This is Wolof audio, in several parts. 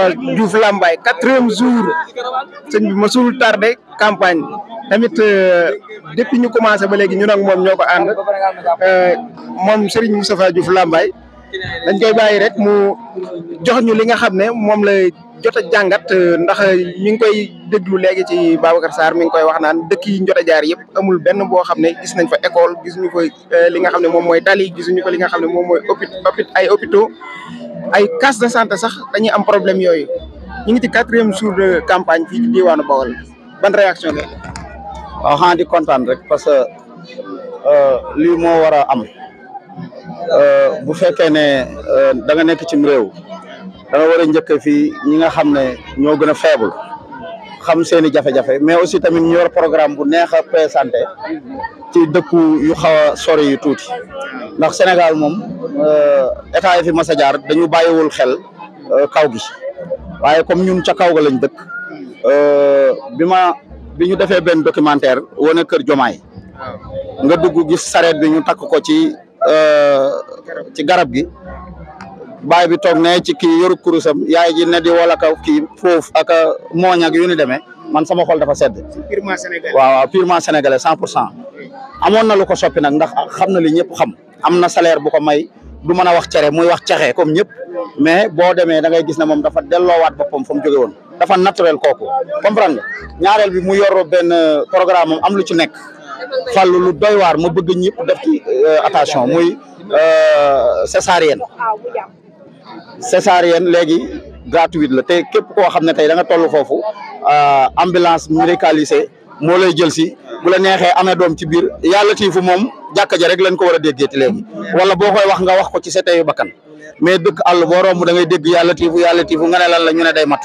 Moustapha Diouf Lambaye quatrième jour sëñ bi masul tardé campagne tamit euh, depuis ñu commencé ba léegi ñu ak moom ñoo ko ànd euh, moom Serigne Moustapha Diouf Lambaye dañ koy bàyyi rek mu jox ñu li nga xam ne moom la jot a jàngat euh, ndax ñu ngi koy déglu léegi ci Babacar Sarr mi ngi koy wax naan dëkk yi ñu a jaar yëpp amul benn boo xam ne gis nañ fa école gisuñu ko li nga xam ne moom mooy tali gisuñu ko li nga xam ne moom mooy hôpital ay hôpitaux ay case de santé sax dañuy am problème yooyu ñu ngi ci quatrième jour de campagne fii ci diwaanu Bawol ban réaction la. waaw xanaa di kontaan rek parce que euh, lii moo war a am euh, bu fekkee ne euh, da nga nekk cim réew da nga war a njëkk fii ñi nga xam ne ñoo gën a faible xam seen i jafe-jafe mais aussi tamit ñu yor programme bu neex a santé ci dëkku yu xaw a sori ndax Sénégal moom. Euh, état yi fi mas jaar dañu bàyyiwul xel euh, kaw gi waaye comme ñun ca kaw ga lañ dëkk euh, bi ma bi ñu defee benn documentaire wana kër Jomaay nga dugg gis sareet bi ñu takk ko ci ci garab gi baay bi toog na ci kii yoru kurusam yaay ji ne di wala ka kii foof ak mooñ ak yu ni demee man sama xol dafa sedd. purement sénégalais waaw waaw purement sénégalais cent pour cent. amoon na lu ko soppi nag ndax xam na li ñëpp xam am na salaire bu ko may du mën a wax cere muy wax caxe comme ñëpp mais boo demee da ngay gis ne moom dafa delloowaat boppam fa mu jóge woon dafa naturel kooku comprendre nga ñaareel bi muy yor benn programme am lu ci nekk fàllu lu doy waar ma bëgg ñëpp def ci euh, attention muy euh, césarienne césarienne léegi gratuite la te képp koo xam ne tey da nga toll foofu euh, ambulance médicalisée moo lay jël si bu la neexee amee doom ci biir yàlla tiifu moom jàkka ja rek lañ ko war a déggee ci léegi wala boo koy wax nga wax ko ci sa teyu bakkan mais dëkk àll boo romb da ngay dégg yàlla tiifu yàlla tiifu nga ne lan la ñu ne day mat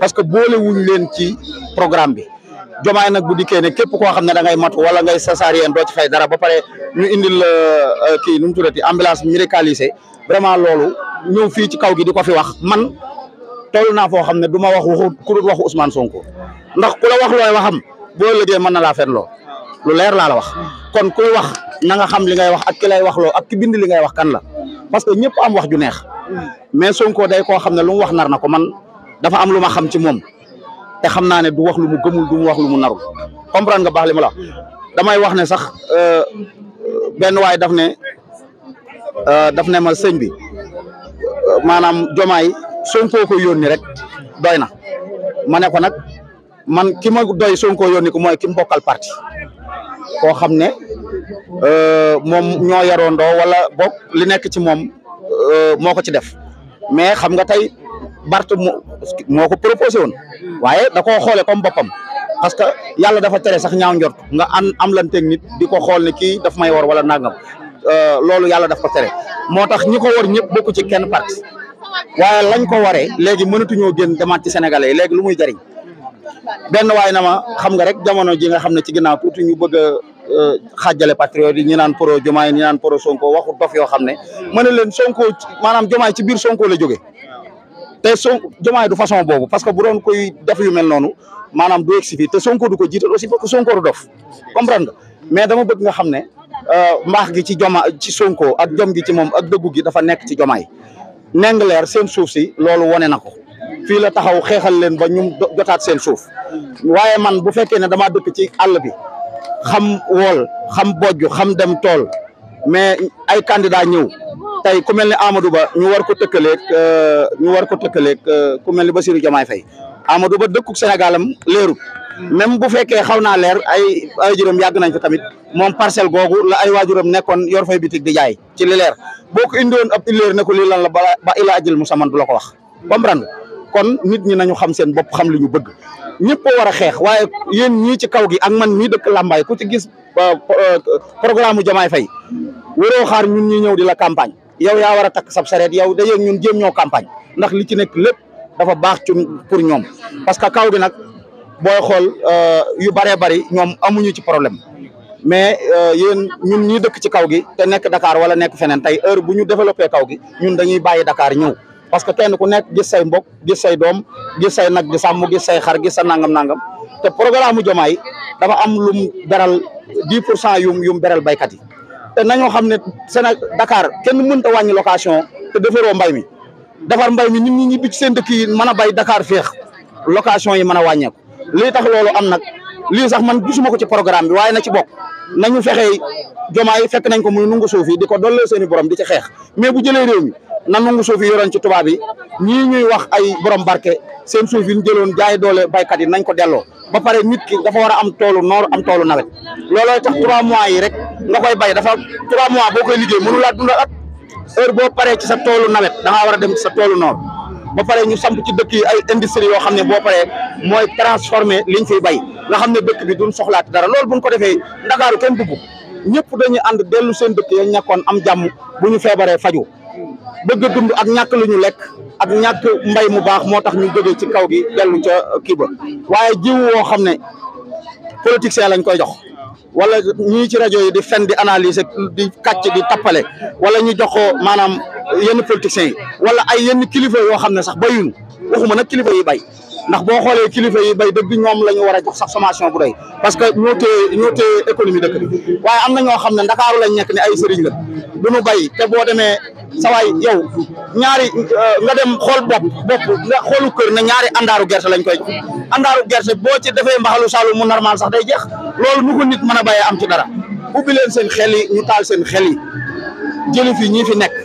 parce que boole wuñ leen ci programme bi jomaay nag bu dikkee ne képp koo xam ne da ngay mat wala ngay sasaar yéen doo ci dara ba pare ñu indil euh, kii nu mu tuddati ambulance médicalisée vraiment loolu ñëw fii ci kaw gi di ko fi wax man tol naa foo xam ne du wax ku dul waxu Ousmane Sonko boo lëggee mën na laa fen loo lu leer laa la wax kon kuy wax na nga xam li ngay wax ak kilay lay wax loo ak ki bind li ngay wax kan la parce que ñëpp am wax ju neex mais Sonko day koo xam ne lu wax nar na ko man dafa am lu ma xam ci moom te xam naa ne du wax lu mu gëmul du wax lu mu narul comprendre nga baax li ma la damay wax ne sax euh, benn waay daf ne euh, daf ne ma sëñ bi euh, maanaam jomaay Sonko ko yónni rek doy na ma ne ko nag man ki ma doy Sonko yónni ko mooy ki mu bokkal parti koo xam ne euh, moom ñoo yaroondoo wala bokk li nekk ci moom euh, moo ko ci def mais xam nga tey Bart moo ko proposé woon waaye da koo xoolee comme boppam parce que yàlla dafa tere sax ñaaw njort nga an am lan teg nit di ko xool ne kii daf may war wala nangam euh, loolu yàlla daf ko tere moo tax ñi ko war ñëpp bokku ci kenn parti waaye lañ ko waree léegi mënatuñoo génn demaat ci sénégalais léegi lu muy jariñ benn waay na xam nga rek jamono ji nga xam ne ci ginnaaw tuuti ñu bëgg a euh, xaajale patriote yi ñi naan pro Jomaay ñi naan pro Sonko waxu dof yoo xam ne mën na leen Sonko maanaam Jomaay ci biir Sonko la jóge te son Jomaay du façon boobu parce que bu doon koy def yu mel noonu maanaam du egsi te Sonko du ko jiital aussi parce que Sonko du dof comprendre nga mais dama bëgg nga xam ne euh, mbaax gi ci Joma ci Sonko ak jom gi ci moom ak dëggu gi dafa nekk ci Jomaay neng leer seen suuf si loolu wane na ko fii la taxaw xeexal leen ba ñu jotaat seen suuf waaye man bu fekkee ne damaa dëkk ci àll bi xam wool xam bojj xam dem tool mais ay candidat ñëw tey ku mel ni Amadou Ba ñu war ko tëkkaleeg euh, ñu war ko tëkkaleeg euh, ku mel ni ba Bassirou Diomaye Faye Amadou Ba dëkku senegalam am leerut même bu fekkee xaw naa leer ay waajuram yàgg nañ fa tamit moom parcelle googu la ay waajuram nekkoon yor fay bitig di jaay ci li leer boo ko indiwoon ab illeer ne ko lii lan la ba ba ila ajil musaman du la ko wax comprendre kon nit ñi nañu xam seen bopp xam li ñu bëgg ñëpp a war a xeex waaye yéen ñii ci kaw gi ak man mii dëkk Lambaye ku ci gis euh, programme mu Diomaye Faye waroo xaar ñun ñi ñëw di la campagne yow yaa war a takk sab sareet yow da ñun jéem ñoo campagne ndax li ci nekk lépp dafa baax ci pour ñoom parce que kaw gi nag booy xool euh, yu bëree bari ñoom amuñu ci problème mais euh, yéen ñun ñii dëkk ci kaw gi te nekk Dakar wala nekk feneen tey heure bu ñu développé kaw gi ñun dañuy bàyyi Dakar ñëw parce que kenn ku nekk gis say mbokk gis say doom gis say nag di sàmm gis say xar gis sa nangam nangam te programme jomaay dafa am lum beral dix pour cent yum yum beral baykat yi te nañoo xam ne Sénégal Dakar kenn mënta wàññi location te defaroo mbay mi defar mbay mi nit ñi ñibbi ci seen dëkk yi mën a bay Dakar feex location yi mën a wàññeeku lii tax loolu am nag li sax man gisuma ko ci programme bi waaye na ci bokk nañu fexe jomaay fekk nañ ko muy nungu suuf di ko dollee seeni i borom di ci xeex mais bu jëlee réew mi nangu suuf yi yoroon ci tubaab yi ñii ñuy wax ay borom barke seen suuf yi ñu jëloon jaay doole baykat yi nañ ko delloo ba pare nit ki dafa war a am toolu noor am toolu nawet loolooy tax trois mois yi rek nga koy bay dafa trois mois boo koy liggéey mënu laa dundal at heure boo paree ci sa toolu nawet da war a dem ci sa toolu noor ba pare ñu samp ci dëkk yi ay industrie yoo xam ne boo paree mooy transformer liñ fiy bay nga xam ne dëkk bi duñ soxlaat dara loolu buñ ko defee ndakaaru kenn dugg ñëpp dañu ànd dellu seen dëkk ya ñàkkoon am jàmm bu ñu feebaree faju bëgg a dund ak ñàkk lu ñu lekk ak ñàkk mbay mu baax moo tax ñu jógee ci kaw gi dellu ca kii ba waaye jiw woo xam ne politicien lañ koy jox wala ñii ci rajo yi di fen di analyser di kàcc di tappale wala ñu jox ko maanaam yenn politiciens yi wala ay yenn kilifa yoo xam ne sax bayuñu waxuma nag kilifa yi bay ndax boo xoolee kilifa yi bay dëgg ñoom la ñu war a jox sax sommation bu doy parce que ñoo téye ñoo téye économie dëkk waaye am na ñoo xam ne ndakaaru lañ nekk ne ay sëriñ la du ñu bay te boo demee sawaay yow ñaari euh, nga dem xool bopp bopp nga xoolu kër ne ñaari andaaru gerte lañ koy jox gerte boo ci defee mbaxalu saalum mu normal sax day jeex lool nu ko nit mën a béyee am ci dara ubbi leen seen xel yi ñu taal seen xel yi jëli fi ñii fi nekk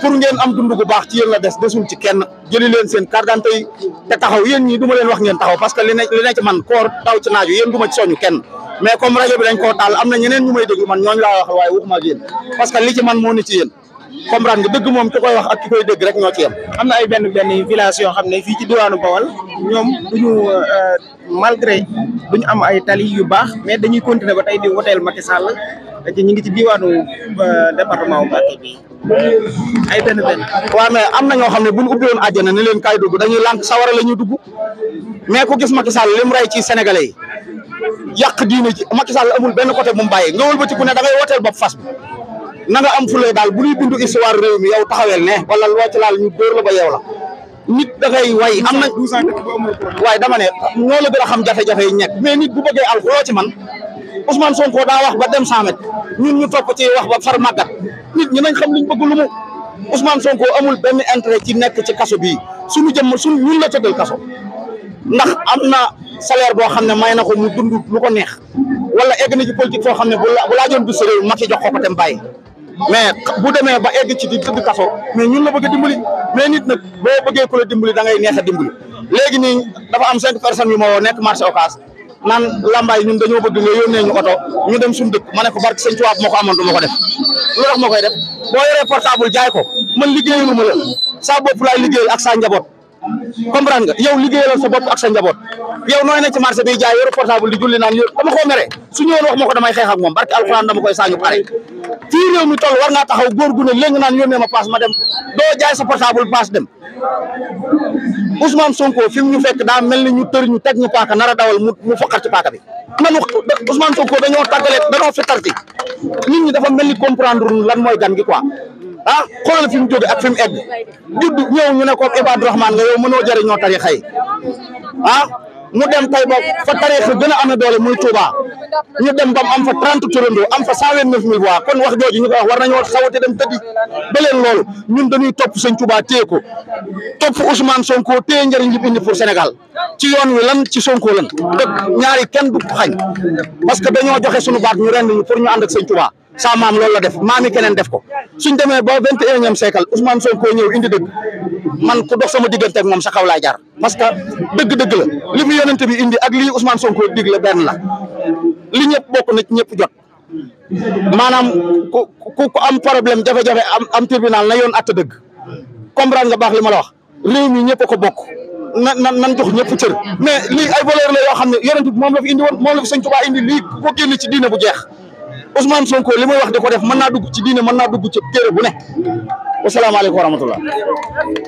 pour ngeen am dund gu baax ci yéen la des desul ci kenn jëli leen seen carte d'identité yi te taxaw yéen ñi du ma leen wax ngeen taxaw parce que li ne li ne ci man koor taw ci naaju yéen du soñu kenn mais comme rajo bi dañ koo taal am na ñeneen ñu may déglu man ñooñu laa wax waaye waxuma ak yéen li ci man moo ni ci yéen comprendre nga dëgg moom ki koy wax ak ki koy dégg rek ñoo ci yem. am na ay benn benn village yoo xam ne fii ci diwaanu Bawol ñoom du ñu euh, malgré du ñu am ay tali yu baax mais dañuy continuer ba tey di woteel Macky Sall te ñu ngi ci diwaanu euh, département ay benn benn. waaw am na ñoo xam ne bu ñu ubbi woon àjjana ni leen kay dugg dañuy lànk sawara la ñuy dugg mais ku gis Macky Sall li mu rey ci sénégalais yi yàq diine ji Macky Sall amul benn côté bu mu bàyyee ñëwul ba ci ku ne da ngay woteel bopp fas nanga am fulee daal bu ñuy bindu histoire réew mi yow taxawel ne wala loo ci laal ñu dóor la ba yow la nit da way am na waaye dama ne ñoo la gën a xam jafe-jafe yi ñekk mais nit bu bëggee al loo ci man Ousmane Sonko daa wax ba dem 100 mètres ñun ñu topp ci wax ba far màggat nit ñi nañ xam liñ bëgg lu mu Ousmane Sonko amul benn entre ci nekk ci kaso bii suñu jëmm suñ ñun la tëddal kaso ndax am na salaire boo xam ne may na ko mu dund lu ko neex wala egg na ci politique xam ne bu laajoon bis réew ma ci jox ko ko dem mais bu demee ba egg ci di tëdd kaso mais ñun la bëgg a dimbali mais nit nag boo bëggee ku la dimbali da ngay neex a dimbali léegi nii dafa am cinq personnes yu ma woo nekk marché Ocass naan lambaay ñun dañoo bëgg nga yónnee ñu oto ñu dem suñu dëkk ma ne ko barke sëñ Tuubaa ma ko ko def lu tax ma koy def boo yoree portable jaay ko man liggéeyaluma la saa bopp laay liggéey ak saa njaboot comprendre nga yow liggéeyalal sa bopp ak sa njaboot yow nooy na ci marché bi jaay yoru portable di julli naan yoru dama koo mere su ñëwoon wax ma ko damay xeex ak moom barke alxuraan dama koy saañu pare fii réew mi toll war ngaa taxaw góor gu ne léegi naan yónnee ma paas ma dem doo jaay sa portable paas dem Ousmane Sonko fi ñu fekk daa mel ni ñu tër ñu teg ñu paaka nar a dawal mu mu foqar ci paaka bi man Ousmane Sonko dañoo tàggale dañoo fi tarti nit ñi dafa mel ni comprendre ah xoolal fi mu jóge ak fi mu judd ñëw ñu ne ko Ibadu Rahman nga yow mënoo jëriñoo tarixa yi ah mu dem tay ba fa tarixa gën a amee doole muy Touba ñu dem bam am fa 30 turandoo am fa 129000 voix kon wax jooju ñu ko wax war nañoo xawate dem tëddi ba leen loolu ñun dañuy topp sëñ Touba téye ko topp Ousmane Sonko téye njëriñ li indi pour Sénégal ci yoon wi lan ci Sonko lan dëkk ñaari kenn du xañ parce que dañoo joxe suñu baat ñu rend ñu pour ñu ànd ak sëñ sa maam loolu la def maami keneen def ko suñ demee ba vingt et unième siècle Ousmane Sonko ñëw indi dëgg man ku dox sama diggante ak moom sa xaw laa jaar parce que dëgg-dëgg la li fi bi indi ak lii Ousmane Sonko dig la benn la li ñëpp bokk na ñëpp jot maanaam ku ku am problème jafe-jafe am am tribunal na yoon atta dëgg comprendre nga bax li ma la wax réew mi ñëpp ko bokk na na nan jox ñëpp cër mais lii ay valeur la yoo xam ne yonent bi moom la fi indi woon moom la fi Sëñ Tuubaa indi lii ko jeex Ousmane Sonko li muy wax di ko def man naa dugg ci diine mën naa dugg ci téere bu ne wasalaamaaleykum wa rahmatulah.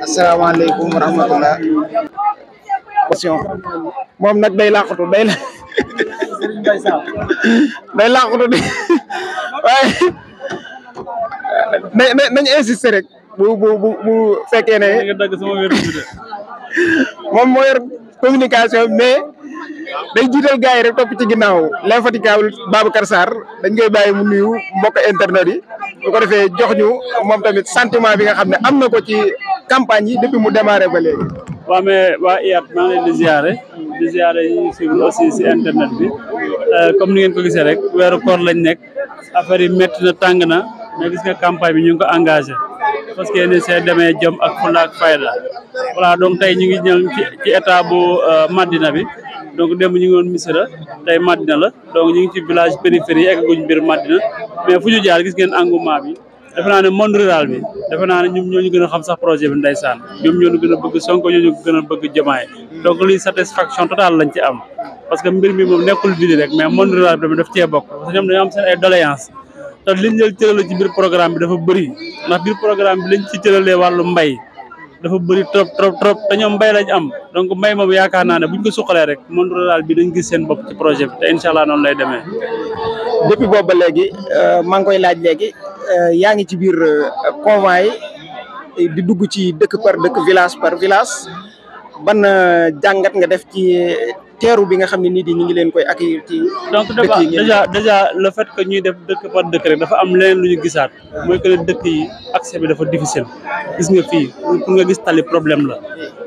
asalaamaaleykum wa rahmatulah. moom nag day laaxatu day la day laaxatu di waaye na na nañu insister rek bu bu bu bu moom moo yor communication mais. day jiital gars rek topp ci ginnaaw l'infatigable Babacar Sarr dañ koy bàyyi mu nuyu mbokk internet yi bu ko defee jox ñu moom tamit sentiment bi nga xam ne am na ko ci campagne yi depuis mu démarré ba léegi. waaw waa IYAT maa ngi leen di aussi internet bi euh, comme ni ngeen ko rek weeru koor lañ nekk affaire yi métti na tàng na mais gis nga campagne bi ñu ngi ko engagé. parce que ni see demee jom ak fulla ak fayda voilà donc tey ñu ngi ñëw ci état bu euh, Madina bi donc dem ñu ngi woon Missira tey Madina la donc ñu ngi ci village périphérie ak guñ biir Madina mais fu ñu jaar gis ngeen engouement bi defe naa ne monde rural bi defe naa ne ñoom ñoo ñu gën a xam sax projet bi ndeysaan ñoom ñoo ñu gën a bëgg Sonko ñoo ñu gën bëgg Diomaye donc lii satisfaction totale lañ ci am parce que mbir mi moom nekkul ville rek mais monde rural bi tamit daf cee bokk parce que ñoom seen ay doléance te liñ leen cërale ci biir bi dafa bëri ndax biir programme bi lañ ci cëralee wàllu mbay dafa bëri trop trop trop te ñoom mbéy lañ am donc mbéy moom yaakaar naa ne buñ ko suqalee rek monde rural bi dañ gis seen bopp ci projet bi te incha allah noonu lay demee. depuis boobu ba léegi euh, maa ngi koy laaj léegi euh, yaa ngi ci biir euh, convoi yi di dugg ci dëkk par dëkk village par village. ban euh, jàngat nga def ci euh, teeru bi nga xam ne nit yi ñu ngi leen koy accueillir ci. donc déjà déjà le fait que ñuy def dëkk par dëkk rek dafa am leen lu ñu gisaat. mooy que ne dëkk yi ak accès bi dafa difficile. gis nga fii pour nga gis tali problème la.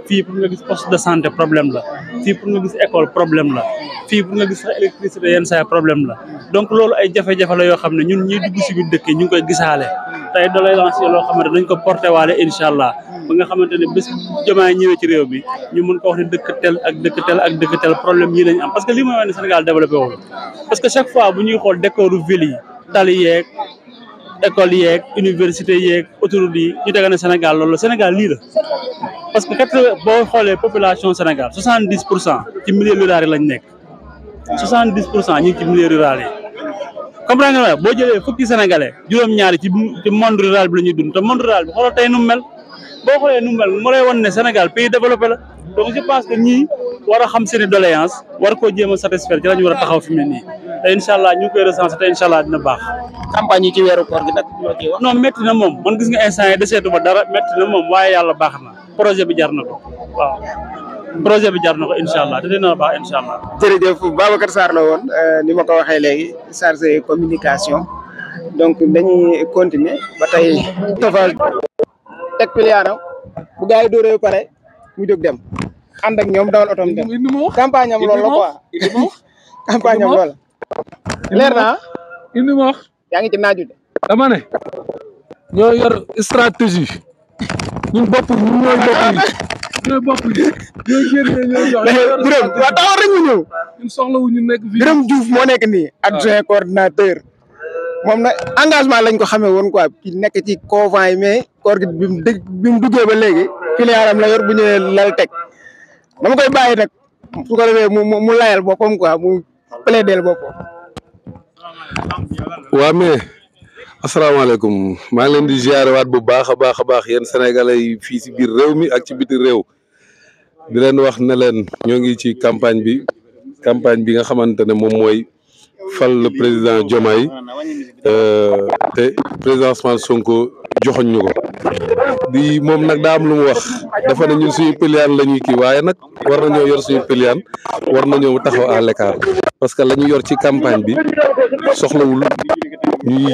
fii pour nga gis poste de santé problème la. fii pour nga gis école problème la. fii bu nga gis sax électricité yenn saa problème la donc loolu ay jafe-jafe la yoo xam ne ñun ñuy dugg si biir dëkk yi ñu ngi koy gisaale tey doolay lancé loo xamante dañ ko porté waale incha allah nga xamante ne bés jamaay ñëwee ci réew bi ñu mën dëkk tel ak dëkk tel ak dëkk tel problème yi am parce que lii mooy wane Sénégal développé wul parce que chaque fois bu ñuy xool décoru ville yi tali yeeg école yeeg université yeeg autoroute yi ñu tega ne Sénégal loolu Sénégal lii la parce que kat boo xoolee population Sénégal soixante dix pour cent ci milieu rural yi lañ nekk soixante dix pour cent ñu ngi ci milieu rural yi comprendre nga boo jëlee fukki sénégalais juróom-ñaari ci ci monde rural bi la ñuy dund te monde rural bi xoolal tey nu mu mel boo xoolee nu mu mel mu lay wan ne Sénégal pays développé la donc je pense que ñii war a xam seen i doléance war koo jéem a satisfaire ci war a taxaw fi mu ne nii te incha allah ñu koy recensé te incha allah dina baax. campagne yi ci weeru koor gi nag na moom man gis nga instant yi deseetu ba dara métti na moom waaye yàlla baax na projet bi jar na ko projet bi jar na ko incha allah te dina baax incha allah. jërëjëf Babacar Sarr la woon eh, ni ma ko waxee léegi chargé communication donc dañuy continuer ba tey. dafa teg piliyaanam bu gars yi dóoree ba pare mu dem ànd ñoom dawal otom dem campagne am loolu la quoi campagne am loolu leer yaa ngi ci naaju de dama ne ñoo yor stratégie ñun bopp ñun ñooy bopp yi ñooy bopp yi ñooy génne ñooy jox Birame ñu ñëw. ñun soxlawuñu nekk fii. Birame Diouf moo nekk nii adjoint coordinateur. moom nag engagement lañ ko xamee woon quoi ki nekk ci convent yi mais koor gi bi mu dë bi mu duggee ba léegi client am la yor bu lal teg dama koy bàyyi nag su ko defee mu mu layal boppam quoi mu plaidel boppam. waaw mais. asalaamaaleykum maa ngi leen di ziarewaat bu baax a baax a baax yéen sénégalais fii si biir réew mi ak ci biti réew di leen wax ne leen ñoo ngi ci campagne bi campagne bi nga xamante ne moom mooy fal le président Diomaye euh, te président Ousmane joxoñ ñu ko di moom nag daa am lu mu wax dafa ne ñun suñu piliyaan la ñuy kii waaye nag war nañoo yor suñu piliyaan war nañoo taxaw à l'écart parce que la yor ci campagne bi soxlawul ñu ñuy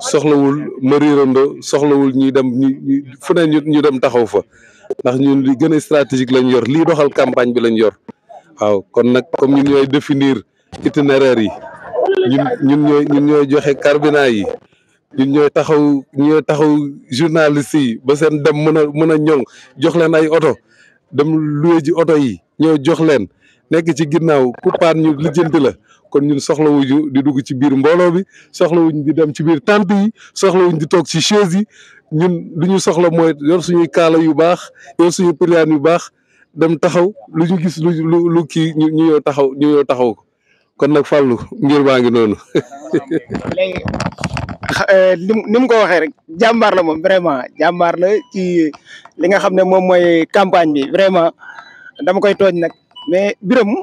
soxlawul ma riirandoo soxlawul ñuy dem ñu fu ne ñu dem taxaw fa ndax ñun li gën a stratégique lañ yor lii doxal campagne bi lañu yor waaw kon nag comme ñun ñooy définir itinéraire yi ñun ñun ñooy ñun joxe carburant yi ñun ñooy taxaw ñooy taxaw journaliste yi ba seen dem mën mën a ñoŋ jox leen ay oto dem loué ji oto yi ñoo jox leen nekk ci ginnaaw ku paan ñu lijjanti la kon soxla soxlawuñu di dugg ci biir mbooloo bi soxlawuñu di dem ci biir tànt yi soxlawuñu di toog ci chaise yi ñun lu ñu soxla mooy yor suñuy kaala yu baax yor suñu priaan yu baax dam taxaw lu ñu gis lu lu kii ñu ñëw taxaw ñu ñëw taxaw ko kon nag fàllu ngir baa ngi noonu. léegi euh, ni mu ko waxee rek jàmbaar la moom vraiment jàmbaar la ci li nga xam ne moom mooy campagne bi vraiment dama koy tooñ nag. mais Birame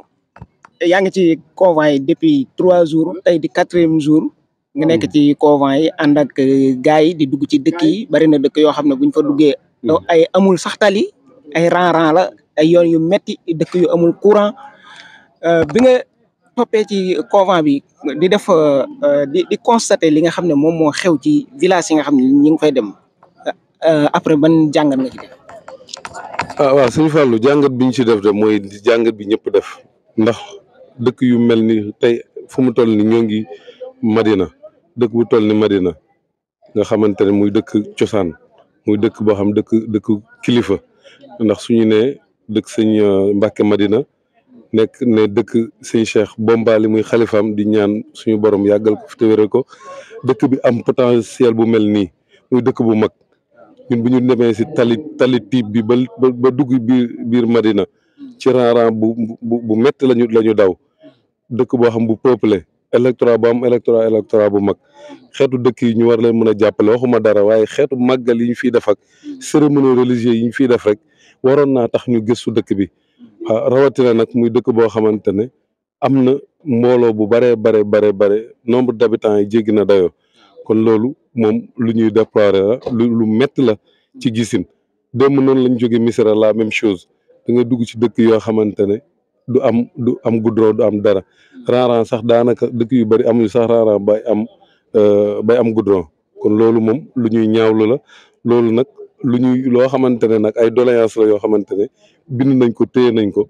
yaa ngi ci convent yi depuis trois jours tey di quatrième jour nga nekk ci convent yi ànd ak euh, gars yi di dugg ci dëkk yi bari na dëkk yoo xam ne buñ fa duggee hmm. ay amul saxtali ay ran-ran la ay yoon yu metti dëkk yu amul courant euh, bi nga toppee ci convent bi di def euh, di di constater li nga xam ne moom moo xew ci village yi nga xam ne ñi ngi fay dem après ban jànga nga ci ah waaw sëñ Fallou jàngat bi ñu ci def de mooy jàngat bi ñëpp def ndax dëkk yu mel ni tey fu mu toll ni ñoo ngi Madina dëkk bu toll ni Madina nga xamante ne muy dëkk cosaan muy dëkk boo xam dëkk dëkk kilifa ndax suñu ne dëkk sëñ euh, Mbàkke Madina nekk ne dëkk sëñ Cheikh Bombali muy xalifaam di ñaan suñu borom yàggal ko fi te wéral ko dëkk bi am potentiel bu mel nii muy dëkk bu mag ñun bu ñu demee si tali tali tiib bi ba ba dugg biir biir Madina ci rang-rang bu bu bu lañu la ñu daw dëkk boo xam bu peuplé électorat bu am électorat électorat bu mag xeetu dëkk yi ñu war leen mën a jàppale waxuma dara waaye xeetu màggal yi ñu fiy def ak cérémonie religieuse yi ñu fiy def rek waroon naa tax ñu gëstu dëkk bi rawatina nag muy dëkk boo xamante ne am na mbooloo bu bare bare bare bare nombre d'habitants yi jéggi na dayoo kon loolu moom lu ñuy déplorer lu lu métti la ci gisin démb noonu lañ jóge Misra la même chose da nga dugg ci dëkk yoo xamante ne du am du am goudron du am dara raaran sax daanaka dëkk yu bëri amuñu sax raaran bay am euh, bay am goudron kon loolu moom lu ñuy ñaawlu la loolu nag lu ñuy loo xamante ne nag ay doléance la yoo xamante ne bind nañ ko téye nañ ko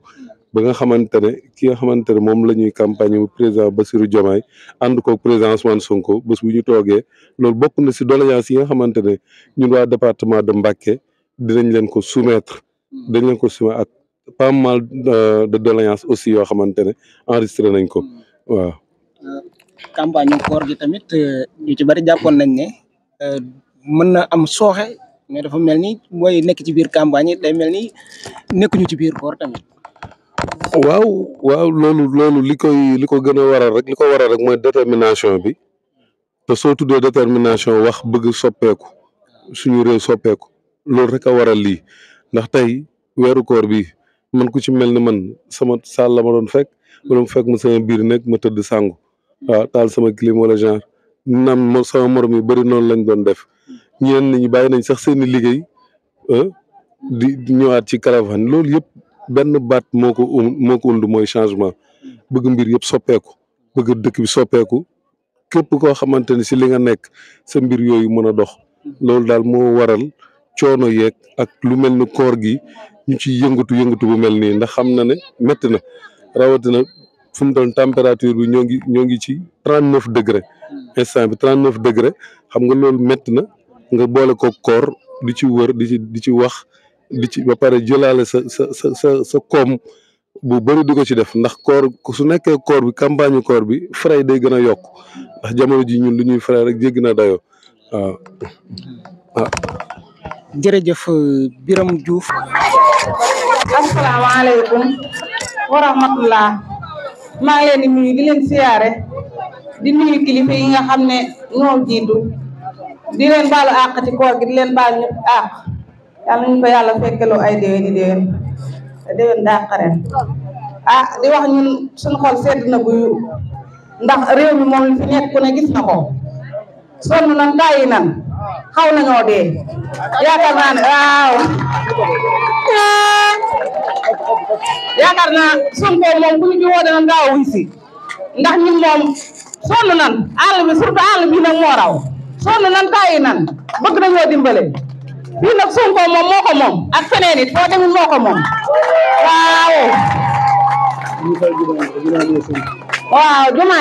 ba nga xamante ne ki nga xamante ne moom la ñuy campagne mu président Bassirou Diomaye ànd ko président Ousmane Sonko bés ñu toogee loolu bokk na si doléance yi nga xamante ne ñun waa département de Mbacké dinañ leen ko soumettre dañ leen ko soumettre ak pas mal euh, de doléance aussi yoo xamante ne enregistré nañ ko waaw. campagne koor gi tamit euh, ñu ci bari jàppoon nañ ne euh, mën na am sooxe mais dafa mel ni mooy nekk ci biir campagne yi day mel ni nekkuñu ci biir koor tamit. waaw waaw loolu loolu li koy li ko gën a waral rek li ko waral rek mooy détermination bi te soo tuddee détermination wax bëgg soppeeku suñu réew soppeeku loolu rek a waral lii ndax tey weeru koor bi man ku ci mel ni man sama saal la ma doon fekk ma doon fekk ma sama biir nekk ma tëdd sangu waaw taal sama clim wala genre nam sama morom yu bëri noonu lañ doon def ñeneen ñi bàyyi nañ sax seeni liggéey ah, di ñëwaat ci caravane loolu yëpp benn baat um, moo ko und mooy changement bëgg mbir yëpp soppeeku bëgg dëkk bi soppeeku képp koo xamante ni si li nga nekk sa mbir yooyu mën a dox loolu daal moo waral coono yeeg ak lu mel ni koor gi ñu ci yëngatu yëngatu bu mel nii ndax xam na ne métti na rawatina fu mu doon température bi ñoo ngi ñoo ngi ci trente neuf degré instant bi trente neuf degré xam nga loolu métti na nga boole ko koor di ci wër di di ci wax di ci ba pare jëlaale sa sa sa sa bu bëri di ko ci def ndax koor su nekkee koor bi campagne yu koor bi frais day gën a yokk ndax jamono ji ñun lu ñuy frais rek jéggi na dayoo waaw ah. jërëjëf euh, Birame Diouf. asalaamaaleykum maa leen di nuyu di leen siyaare di nuyu kilifa yi nga xam ne ñoo jiitu di leen baalu àq ci koor gi di leen baal ñëpp àq. yàlla ñu ko yàlla fekkeloo ay déwén di déwén te daa xaren ah di wax ñun suñu xol sedd na bu ndax réew mi moom li fi nekk ku ne gis na ko nan tàyyi nan xaw nañoo dee yaakaar naa ne waaw yaakaar naa Sonko moom ku ñu ndax ñun moom sonn nan àll bi surtout àll bi nag moo raw sonn nan tàyyi nan bëgg nañoo bii nag Sonko moom moo ko moom ak feneen it foo moo ko moom waaw waaw